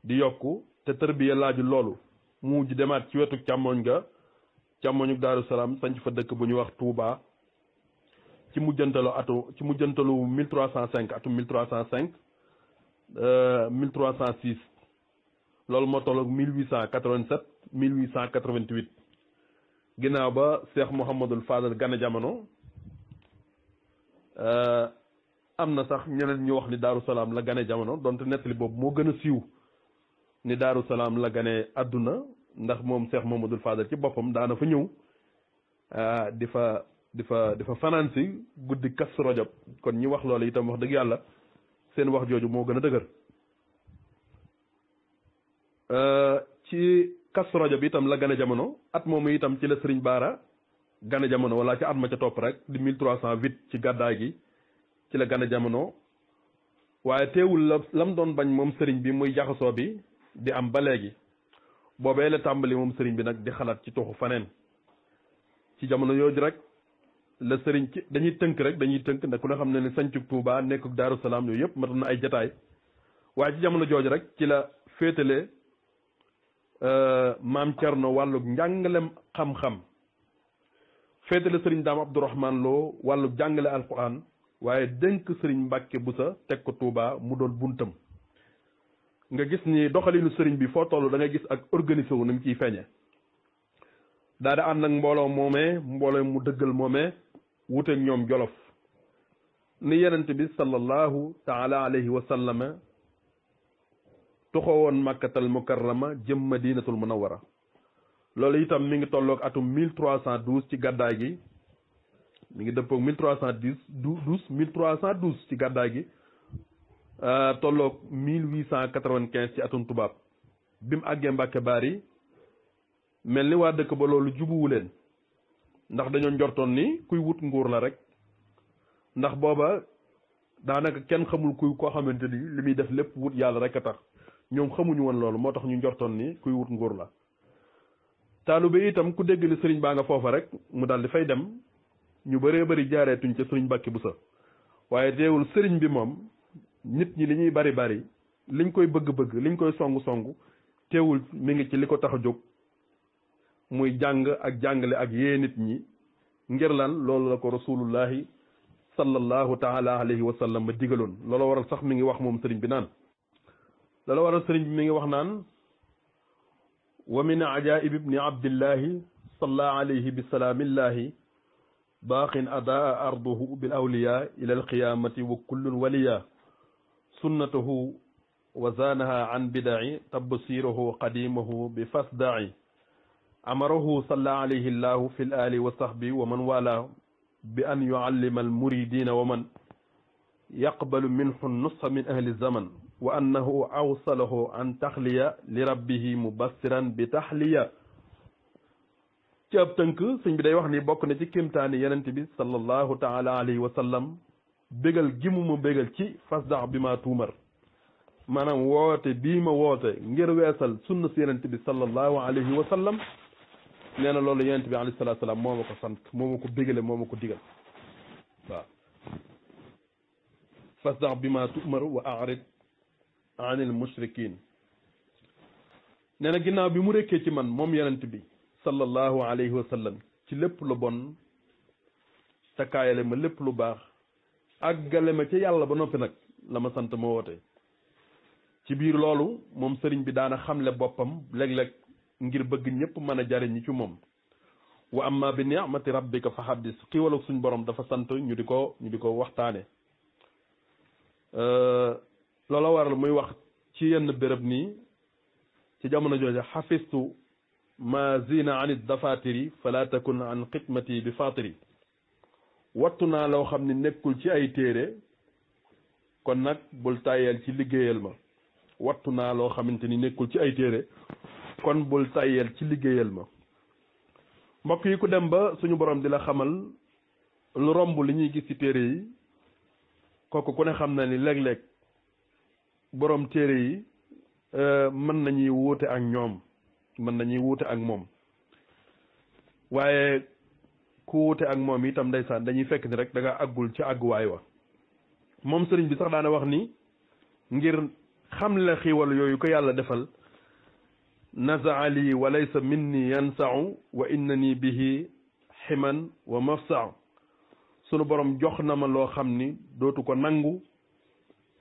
di yokku te tërbiya laaju loolu mu mujj demaat ci wetu càmmoñ ga càmmoñu daaru salaam sanc fa dëkk bu ñu wax Touba ci mujjantalu atu ci mujjantalu mille trois cent cinq atum mille trois cent cinq euh, mille trois cent loolu moo tolloog 1887 1888 ginnaaw ba Cheikh Mouhamadul Fadal gane jamono euh, am na sax ñeneen ñu wax ni Daaru Salaam la gane jamono donte nettali boobu moo gën a siiw ni Daaru Salaam la gane àdduna ndax moom Cheikh Mouhamadul Fadal ci boppam daana fa ñëw euh, di fa di fa di fa fanaan si guddi kas rajab kon ñi wax loolu itam wax dëgg yàlla seen wax jooju moo gën a dëgër Euh, ci kasu rajo bi itam la gana jamono at moom itam ci la Sëriñ Baara gane jamono wala ci at ma ca topp rek di mille trois cent huit ci gàddaay gi ci la gane jamono waaye teewul la lam doon bañ moom sëriñ bi muy jaxasoo bi di am ba léegi boobee la tàmbali moom sëriñ bi nag di xalaat ci toxu faneen ci jamono yooju rek la sëriñ ci dañuy tënk rek dañuy tënk ndax ku ne xam ne ne sancug Tuubaa nekkug Daaru Salaam yooyu yëpp matoon na ay jataay waaye ci jamono jooju rek ci la féetale Euh, maam Thierno wàllug njàngalem xam-xam féetale sëriñ daam Abdourahman Lo wàllug jàngale alquran waaye dénk sëriñ Mbàkke sa teg ko tuubaa mu doon buntam nga gis ni doxalinu sëriñ bi foo toll da gis ak organisé wu ni mu ciy feeñe daa ànd ak mbooloo moomee mbooloo mu dëggal moomee wuteeg ñoom jolof ni yenent bi sallallahu taala alayhi wa sallama tuxawoon makkatal mukarrama jëm madinatul munawwara loolu itam mi ngi tollook atum mille trois ci gàddaay gi mu ngi dëppoog mille trois cent dix douze mille trois ci gàddaay gi euh, tolloog mille huit cent quatre-vingt-quinze ci atum tubaab bi mu àggee Mbàkke yi mel ni waa dëkk ba loolu jubuwu leen ndax dañoo njortoon ni kuy wut nguur la rek ndax booba daanaka kenn xamul kuy koo xamante ni li muy def lépp wut yàlla rek a tax ñoom xamuñu woon loolu moo tax ñu njortoon ni kuy wut nguur la taalibe itam ku dégg li sëriñ baa nga foofa rek mu daal di fay dem ñu bëree bari jaareetuñ ca sëriñ bu Buso waaye teewul sëriñ bi moom nit ñi li ñuy bari bari liñ koy bëgg-bëgg liñ koy songu-songu teewul mi ngi ci li ko tax a jóg muy jàng ak jàngale ak yée nit ñi ngir lan loolu la ko rasulullahi sallallahu taala alayhi wa sallam ma digaloon loola waral sax mi ngi wax moom sëriñ bi naan loolu waral sëriñ bi mi ngi wax naan wa min ajaib ibni abdillahi salla alayhi باق أداء أرضه بالأولياء إلى القيامة وكل وليا سنته وزانها عن بدع تبصيره قديمه بفصدع أمره صلى عليه الله في الآل والصحب ومن والاه بأن يعلم المريدين ومن يقبل منه النصح من أهل الزمن وأنه أوصله عن تخلية لربه مبصرا بتحلية ci ab tënk sëñ bi day wax ni bokk na ci kéemtaani yenent bi sallallahu taala alayhi wa sallam bégal gi mu ma bégal ci fasdax bi ma tuumar maanaam woote bii ma woote ngir weesal sunna si yenent bi sallallahu alayhi wa sallam nee na loolu yenent bi alayhi salatu salaam moo ma ko sant moo ma ko bégale moo ma ko digal waaw fasdax bi ma tuumar wa arid anil mushrikin nee na ginnaaw bi mu rekkee ci man moom yonent bi sallallahu alayhi wa ci lépp la bon takkaayale ma lépp lu baax àggale ma ci yàlla ba noppi nag la ma sant ma woote ci biir loolu moom sëriñ bi daana xamle boppam léeg-léeg ngir bëgg ñépp mën a jariñu ci moom wa amma bi ni'mati rabbika fa haddis xiiwal ak suñu borom dafa sant ñu di ko ñu di ko waxtaane loola waral muy wax ci yenn béréb nii ci jamono jooja xafistu ma zina an dafatiri fala takun an xidmati bi fatiri wattu naa loo xam ne nekkul ci ay téere kon nag bul tàyyeel ci liggéeyal ma wattu naa loo xamante ni nekkul ci ay téere kon bul tàyyeel ci liggéeyal ma mbokk yi ku dem ba suñu borom di la xamal lu romb li ñuy gis ci téere yi kooku ku ne xam na ni léeg-léeg boroom téere yi euh, mën nañuy wuute ak ñoom mën nañuy wuute ak moom waaye ku wuute ak moom itam ndeysaan dañuy fekk ni rek da àggul ci àgguwaay wa moom sëriñ bi sax daana wax ni ngir xam la xiiwal yooyu ko yàlla defal nasa lii wa laysa minni yansau wa nii bihi ximan wa mafsau sunu borom jox na ma loo xam ni dootu ko nangu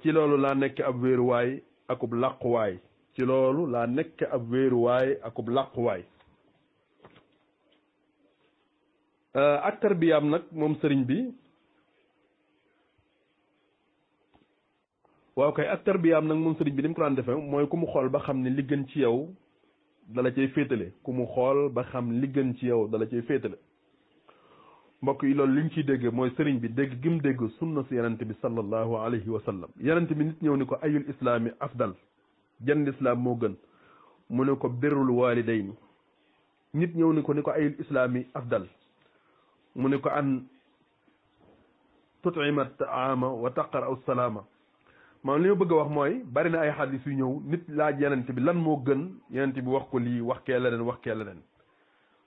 ci loolu laa nekk ab wéeruwaay akub làquwaay ci loolu laa nekk ab wéeruwaay akub làquwaay euh, ak tarbiyaam nag moom sëriñ bi waaw kay ak tarbiyaam nag moom sëriñ bi ni mu ko mooy ku mu xool ba xam ne li gën ci yow dala cay féetale ku mu xool ba xam li gën ci yow dala cay féetale mbokk yi loolu liñ ciy dégg mooy sëriñ bi dégg gim dégg sunna si yonente bi sallallahu alayhi wa sallam yonente bi nit ñëw ni ko ayul islaami afdal jënd islaam moo gën mu ne ko birrul waalidayni nit ñëw ni ko ni ko ayul islaami afdal mu ne ko an tutima taama wa taqara salaama maanaam li ma bëgg a wax mooy bari na ay xadis yu ñëw nit laa yonente bi lan moo gën yonente bi wax ko lii wax kee leneen wax kee leneen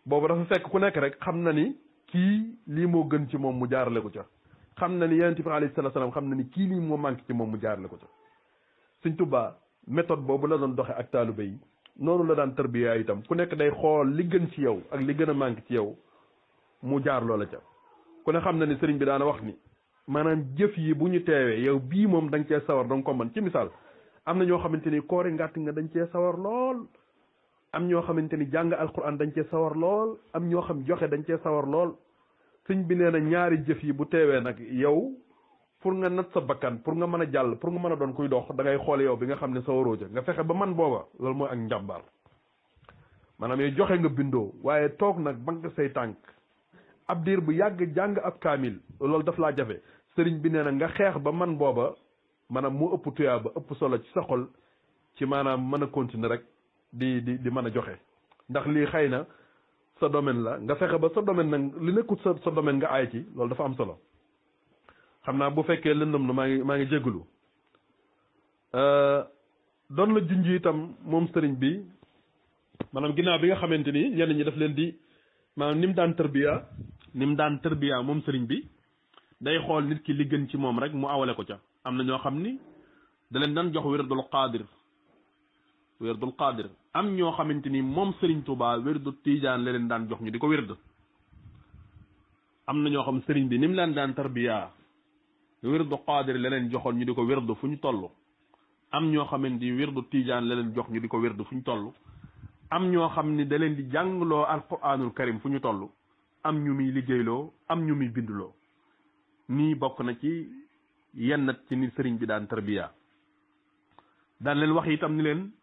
boobu dafa fekk ku nekk rek xam na ni kii lii moo gën ci moom mu jaarale ko ca xam na ni yonent bi alayhi salaatu salaam xam na ni kii lii moo manqué ci moom mu jaarale ko ca Sëñ Tuubaa méthode boobu la doon doxe ak taalibe yi noonu la daan tarbiyaa itam ku nekk day xool li gën ci yow ak li gën a manqué ci yow mu jaar loola ca ku ne xam na ni sëriñ bi daana wax ni maanaam jëf yi bu ñu teewee yow bii moom da cee sawar da nga ko mën ci misaal am na ñoo xamante ni koori ngàtt nga dañ cee sawar lool am ñoo xamante ni jàng alquran dañ cee sawar lool am ñoo xam joxe dañ cee sawar lool sëñ bi nee na ñaari jëf yi bu teewee nag yow pour nga nat sa bakkan pour nga mën a jàll pour nga mën a doon kuy dox da ngay xoole yow bi nga xam ne sawaroo ja nga fexe ba man booba loolu mooy ak njàmbaar maanaam yow joxe nga bindoo waaye toog nag bank say tànk ab diir bu yàgg jàng ab kaamil loolu daf laa jafe sëriñ bi nee na nga xeex ba man booba maanaam mu ëpp tuyaa ba ëpp solo ci sa xol ci maanaam mën continuer rek di di di mën a joxe ndax lii xëy na sa domaine la nga fexe ba sa domaine nag li nekkut sa sa domaine nga ay ci loolu dafa am solo xam naa bu fekkee lëndëm na maa ngi maa ngi jégalu euh, doon la junj itam moom sëriñ bi maanaam ginnaaw bi nga xamante ni ñenn ñi daf leen di maanaam ni mu daan tërbiya ni mu daan tërbiya moom sëriñ bi day xool nit ki li gën ci moom rek mu awale ko ca am na ñoo xam ni da daan jox wér dul qaadir wérdul qaadir am ñoo xamante ni moom Serigne Touba wérdu Tijaan la leen daan jox ñu di ko wérd am na ñoo xam Serigne bi ni laan leen daan tarbiya wérdu qaadir la leen joxoon ñu di ko wérd fu ñu toll am ñoo xamante ni wérdu Tijaan la leen jox ñu di ko wérd fu ñu toll am ñoo xam ni da leen di jàngloo alquranul karim fu ñu toll am ñu muy liggéeyloo am ñu muy bindloo nii bokk na ci yennat ci ni Serigne bi daan tarbiya daan leen wax itam ni leen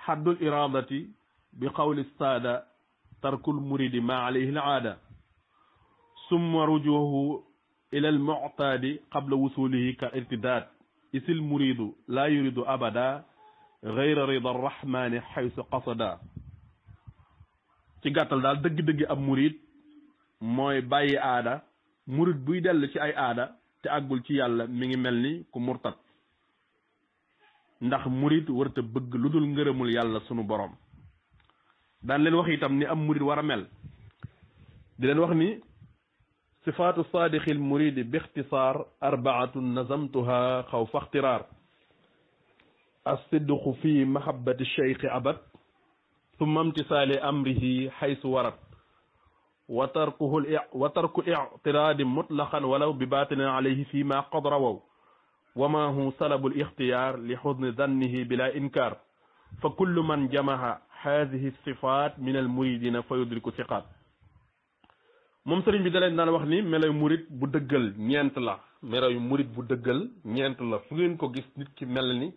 حد الإرادة بقول السادة ترك المريد ما عليه العادة ثم رجوه إلى المعتاد قبل وصوله كارتداد إذ المريد لا يريد أبدا غير رضا الرحمن حيث قصدا ci gàttal دق dëgg-dëgg ab murid mooy bàyyi aada murid buy dell ci ay aada te àggul ci yàlla mi ngi ku ndax murit warta bëgg lu dul ngërëmul yàlla sunu borom daan leen wax itam ni am murit war a mel di leen wax ni sifaatu saadiqil muridi bi ixtisaar arbaatun nazamtuha xaw fa ixtiraar الصدق في محبة الشيخ أبد ثم امتثال أمره حيث ورد وتركه وترك اعتراض مطلقا ولو بباطن عليه فيما قد رووا ومعه سلب الاختيار لحضن ظنه بلا إنكار فكل من جمع هذه الصفات من المريدين فيدرك ثقات moom sëriñ bi da leen daan wax ni meloy murit bu dëggal ñeent la meloy murit bu dëggal ñeent la fu ngeen ko gis nit ki mel ni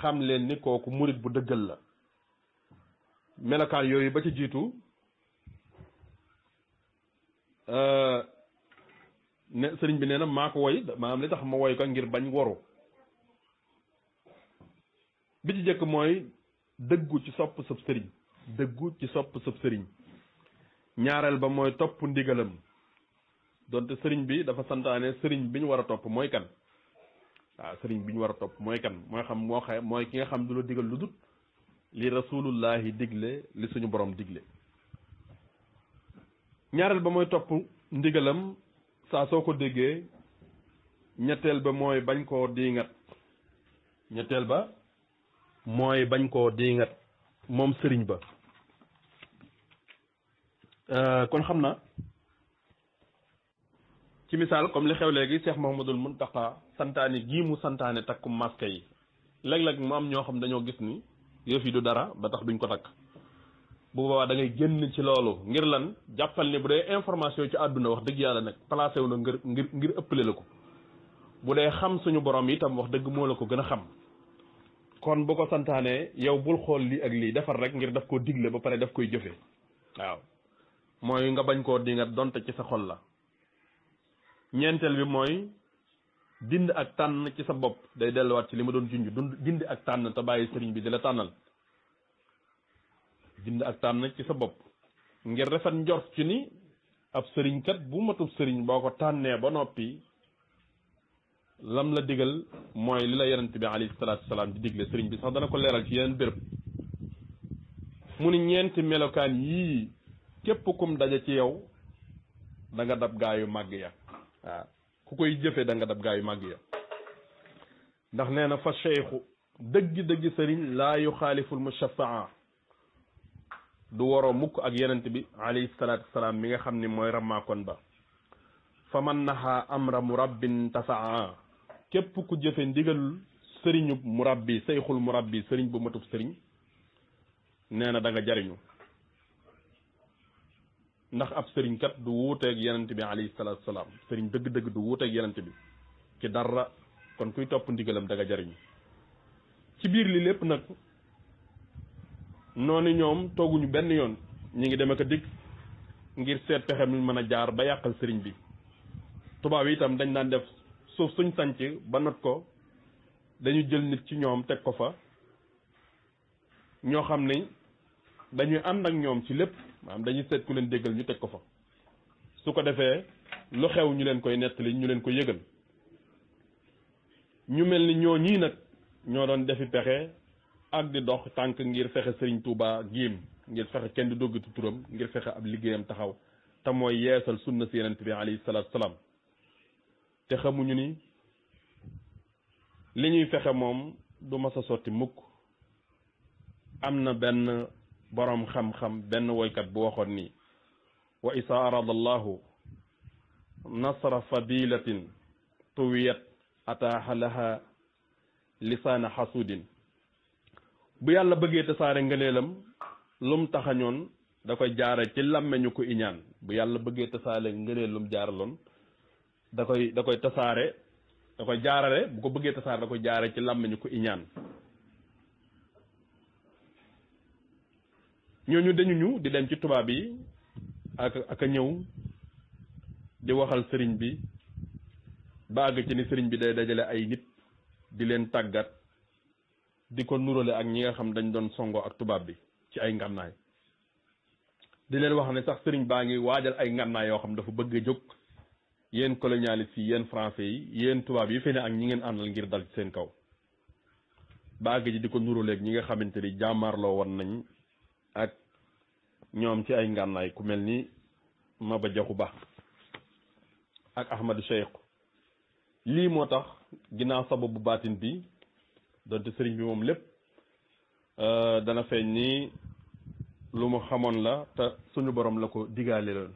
xam leen ni kooku murit bu dëggal la melokaan yooyu ba ci jiitu euh, ne sëriñ bi nee na maa ko woy am li tax ma woy ka ngir bañ waru bi ci jëkk mooy dëggu ci sopp sëriñ dëggu ci sopp sab sëriñ ñaareel ba mooy topp ndigalam donte sëriñ bi dafa santaane sëriñ bi ñu war a topp mooy kan waaw sëriñ bi ñu war a topp mooy kan mooy xam moo xay mooy ki nga xam du la digal lu dut li rasulullahi digle li suñu borom digle ñaareel ba mooy topp ndigalam saa soo ko déggee ñetteel ba mooy bañ koo diingat ñetteel ba mooy bañ koo diingat moom sëriñ ba euh, kon xam na ci misaal comme li xew léegi Cheikh Mouhamadoul Mountakha santaane gii mu santaane takkum masque yi léeg-léeg mu am ñoo xam dañoo gis ni yëf yi du dara ba tax duñ ko takk bu boobaa dangay ngay génn ci loolu ngir lan jàppal ni bu dee information ci àdduna wax dëgg yàlla nag placé la na ngir ngir ngir ëppale la ko bu dee xam suñu borom itam wax dëgg moo la ko gën a xam kon bu ko santaanee yow bul xool lii ak lii defar rek ngir daf koo digle ba pare daf koy jëfe waaw mooy nga bañ koo di donte ci sa xol la ñeenteel bi mooy dind ak tànn ci sa bopp day delluwaat ci li ma doon junj dund dind ak tànn te bàyyi sëriñ bi dina la tànnal bind ak tànn nag ci sa bopp ngir rafet njort ci ni ab sëriñkat bu matub sëriñ boo ko tànnee ba noppi lam la digal mooy li la yonent bi alayhi salaatu wasalaam di digle sëriñ bi sax dana ko leeral ci yeneen béréb mu ni ñeenti melokaan yii képp kum daje ci yow danga dab gaa yu màgg ya waaw ku koy jëfe da nga dab gaa yu màgg ya ndax nee na fa cheikhu dëggi-dëggi sëriñ laa yuxaaliful mushafaa du woro mukk ak yenent bi alayhi salaatu salaam mi nga xam ni mooy rammaakon ba fa man na naxaa amra murabbin tasaa képp ku jëfe ndigalul sëriñu murabbi sayxul murabbi sëriñ bu matub sëriñ nee na da jariñu ndax ab sëriñ kat du wuuteeg yenent bi alayhi salaatu wasalaam sëriñ dëgg-dëgg du wuuteeg yenent bi ci dara kon kuy topp ndigalam danga nga jariñu ci biir li lépp nag noonu ñoom tooguñu benn yoon ñu ngi dem ak a dikk ngir seet pexe mi mën a jaar ba yàqal sëriñ bi tubaab yi itam dañ daan def suuf suñ sanc ba not ko dañu jël nit ci ñoom teg ko fa ñoo xam ne dañuy ànd ak ñoom ci lépp maanaam dañuy seet ku leen déggal ñu teg ko fa su ko defee lu xew ñu leen koy nettali ñu leen ko yëgal ñu mel ni ñoo ñii nag ñoo doon defi pexe ak di dox tànk ngir fexe Serigne Touba gem ngir fexe kenn du dogu turam ngir fexe ab ligéyam taxaw ta moy yeesal sunna si yonent bi alayhi salaatu salaam te xamuñu ni liñuy fexe mom du massa soti mukk am na benn boroom xam-xam benn woykat bu waxoon ni wa isa arada allahu nasra fadilatin tuwiyat ataaha laha lisaana bu yàlla bëggee tasaare ngëneelam lum taxañoon da koy jaare ci làmmeñu ko iñaan bu yàlla bëggee tasaare ngëneel lum jaaraloon da koy da koy tasaare da koy jaarale bu ko bëggee tasaare da koy jaare ci làmmeñu ko iñaan ñooñu dañu ñu di leen ci tubaab yi ak ak ñëw di waxal sëriñ bi ba àgg ci ni sëriñ bi day dajale ay nit di leen tàggat di ko nurale ak ñi nga xam dañ doon songo ak tubaab bi ci ay ngànnaay di leen wax ne sax sëriñ baa ngi waajal ay ngànnaay yoo xam dafa bëgg a jóg yéen colonialiste yi yéen français yi yéen tubaab yi fi ak ñi ngeen àndal ngir dal seen kaw baagi ji di ko nuraleeg ñi nga xamante ni jàmmaarloo woon nañ ak ñoom ci ay ngànnaay ku mel ni Maba Jaxu Ba ak Ahmadou Cheikh lii moo tax ginnaaw bu baatin bi donte sëriñ bi moom lépp euh, dana feeñ ni lu mu xamoon la te suñu borom la ko digaale loon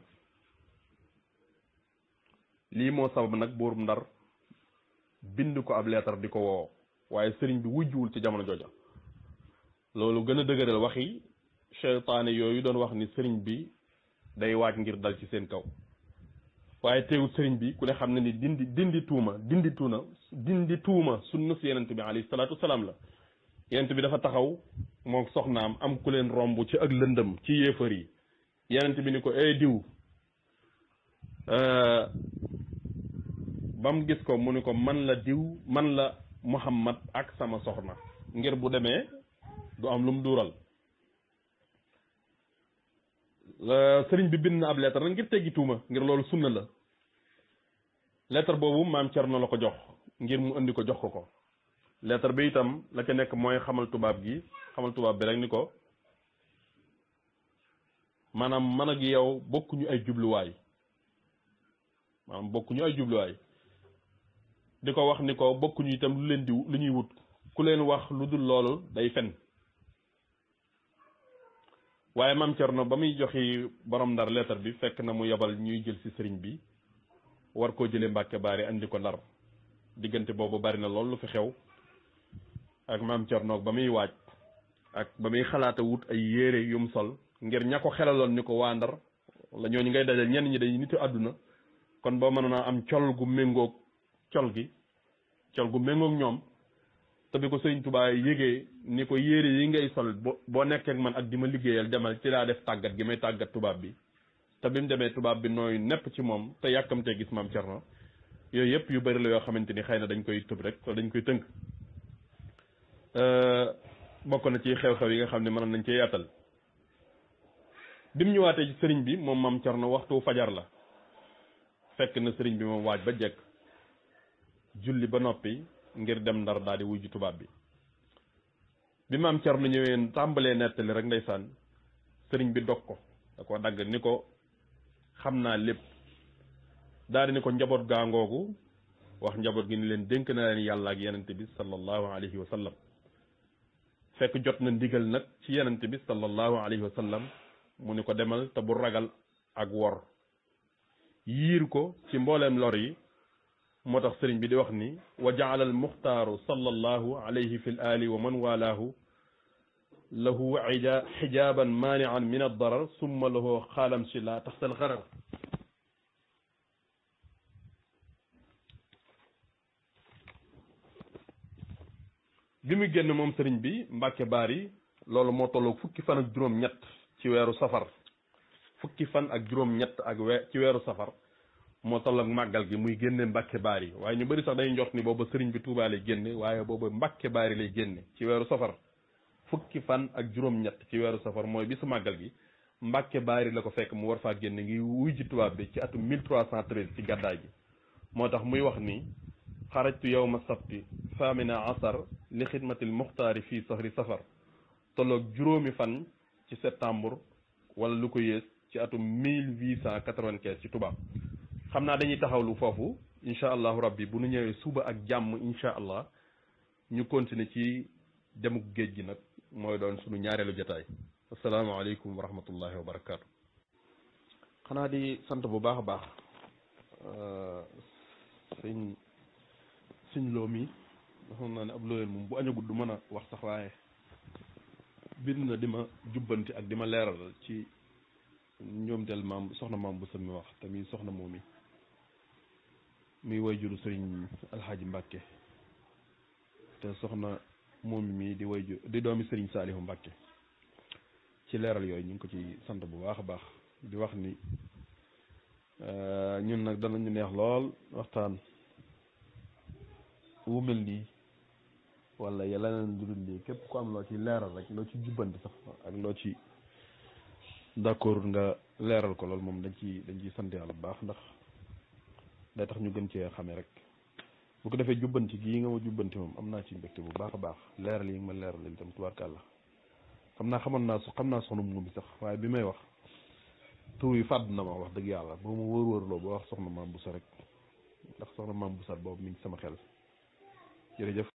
lii moo sabab nag buurum ndar bind ko ab leetar di ko woo waaye sëriñ bi wujjuwul ci jamono jooja loolu gën a dëgëral waxi seytaane yooyu doon wax ni sëriñ bi day waaj ngir dal ci seen kaw waaye teewul sëriñ bi ku ne xam ne ni dindi dindi tuuma dindi tuuna dindi tuuma sunna si yenent bi alayhi salaatu wasalaam la yenent bi dafa taxaw moo soxnaam am ku leen romb ci ak lëndëm ci yéefar yi yenent bi ni ko ay diw euh, ba mu gis ko mu ni ko man la diw man la muhammad ak sama soxna ngir bu demee du am lu mu duural sëriñ bi bind na ab lettre ngir teggi tuuma ngir loolu sunna la lettre boobu maam Thierno la ko jox ngir mu indi ko jox ko ko lettre bi itam la ca nekk mooy xamal tubaab gi xamal tubaab bi rek ni ko maanaam man ak yow bokkuñu ay jubluwaay maanaam bokkuñu ay jubluwaay di ko wax ni ko bokkuñu itam lu leen di lu ñuy wut ku leen wax lu dul loolu day fen waaye maam Cerno ba muy joxi borom ndar leetar bi fekk na mu yebal ñuy jël si sëriñ bi war koo jëlee Mbàkke Baari andi ko ndar diggante boobu bari na lool lu fi xew ak maam Cerno ba muy waaj ak ba muy xalaata wut ay yére yum sol ngir ña ko xelaloon ni ko waa ndar ñoo ñu ngay dajal ñenn ñi day nitu àdduna kon boo mënoon naa am col gu méngoog col gi col gu méngoog ñoom te bi ko sëriñ Tuubaa yëgee ni ko yére yi ngay sol boo nekkee ak man ak di ma liggéeyal demal ci laa def tàggat gi may tàggat tubaab bi te bi mu demee tubaab bi nooy nepp ci moom te yàkkamtee gis maam Cerno yooyu yëpp yu bari la yoo xamante ni xëy na dañ koy tëb rek wala dañ koy tënk euh, bokk na ci xew-xew yi nga xam ne mënoon nañ cee yaatal bi mu ñëwaatee ci sëriñ bi moom maam Cerno waxtu fajar la fekk na sëriñ bi moom waaj ba jekk julli ba noppi ngir dem ndar daal di wujj tubaab bi bi maam Cerno ñëwee tàmbalee nettali rek ndeysaan sëriñ bi dog ko da ko dagg ni ko xam naa lépp daal di ni ko njaboot gaangoogu wax njaboot gi ni leen dénk na leen yàlla ak yenente bi sallallahu alayhi wa sallam fekk jot na ndigal nag ci yenente bi sallallahu alayhi wa sallam mu ni ko demal te bu ragal ak wor yiir ko ci mbooleem lor yi motax tax bi di wax ni wa jaala al mukhtar sallallahu alayhi fi al ali wa man walahu lahu ija hijaban mani'an min al darar thumma lahu khalam si la taxta gharar bimu génn mom sëriñ bi mbacke bari lolou mo tolok fukki fan ak juróom ñet ci wéru safar fukki fan ak juróom ñet ak we ci wéru safar moo tolloog màggal gi muy génne mbàkke baar yi waaye ñu bëri sax day njort ni booba sëriñ bi Touba génne waaye booba mbàkke baar lay génne ci weeru safar fukki fan ak juróom-ñett ci weeru safar mooy bisu màggal gi mbàkke baari la ko fekk mu war faa génne ngi wuy ji tubaab bi ci atum 1313 ci gàddaay gi moo tax muy wax ni xarajtu yowma sabti famina asar li xidmatil muxtaari fii sahri safar tolloog juróomi fan ci septembre wala lu ko y ci atum 1895 ci tubaab xam naa dañuy taxawlu foofu incha allahu rabbi bu nu ñëwee suba ak jàmm incha allah ñu continuer ci demuk géej gi nag mooy doon suñu ñaareelu jotaay asalaamaaleykum wa rahmatullahi wa barakaatu. xanaa di sant bu baax a baax euh, sëñ sëñ loo yi xam naa ne ab looyeen moom bu añagut du mën a wax sax waaye bind na di ma jubbanti ak di ma leeral ci ñoom del maam soxna maam bu sami wax tamit soxna moom yi muy wayjuru sëriñ alxaaji mbàkke te soxna moom mii di wayjur di doomi sëriñ saalihu mbàkke ci leeral yooyu ñu ngi ko ci sant bu baax a baax di wax ni euh, ñun nag danañu neex lool waxtaan wu mel nii wala ya leneen lu dul képp ku am loo ci leeral rek loo ci jubbanti sax ak loo ci d'accord nga leeral ko loolu moom dañ ci dañ ciy sant bu baax ndax day tax ñu gën cee xamee rek bu ko defee jubbanti gii nga ma jubbanti moom am naa ci mbégte bu baax a baax leeral yi nga ma leeral yi tam tubaarkàlla xam naa xamoon naa xam naa soxna mu bi sax waaye bi may wax tur yi fàdd na ma wax dëgg yàlla boo ma wër wër loo boo wax soxna maam bu sa rek ndax soxna maam bu sa boobu mi sama xel jërëjëf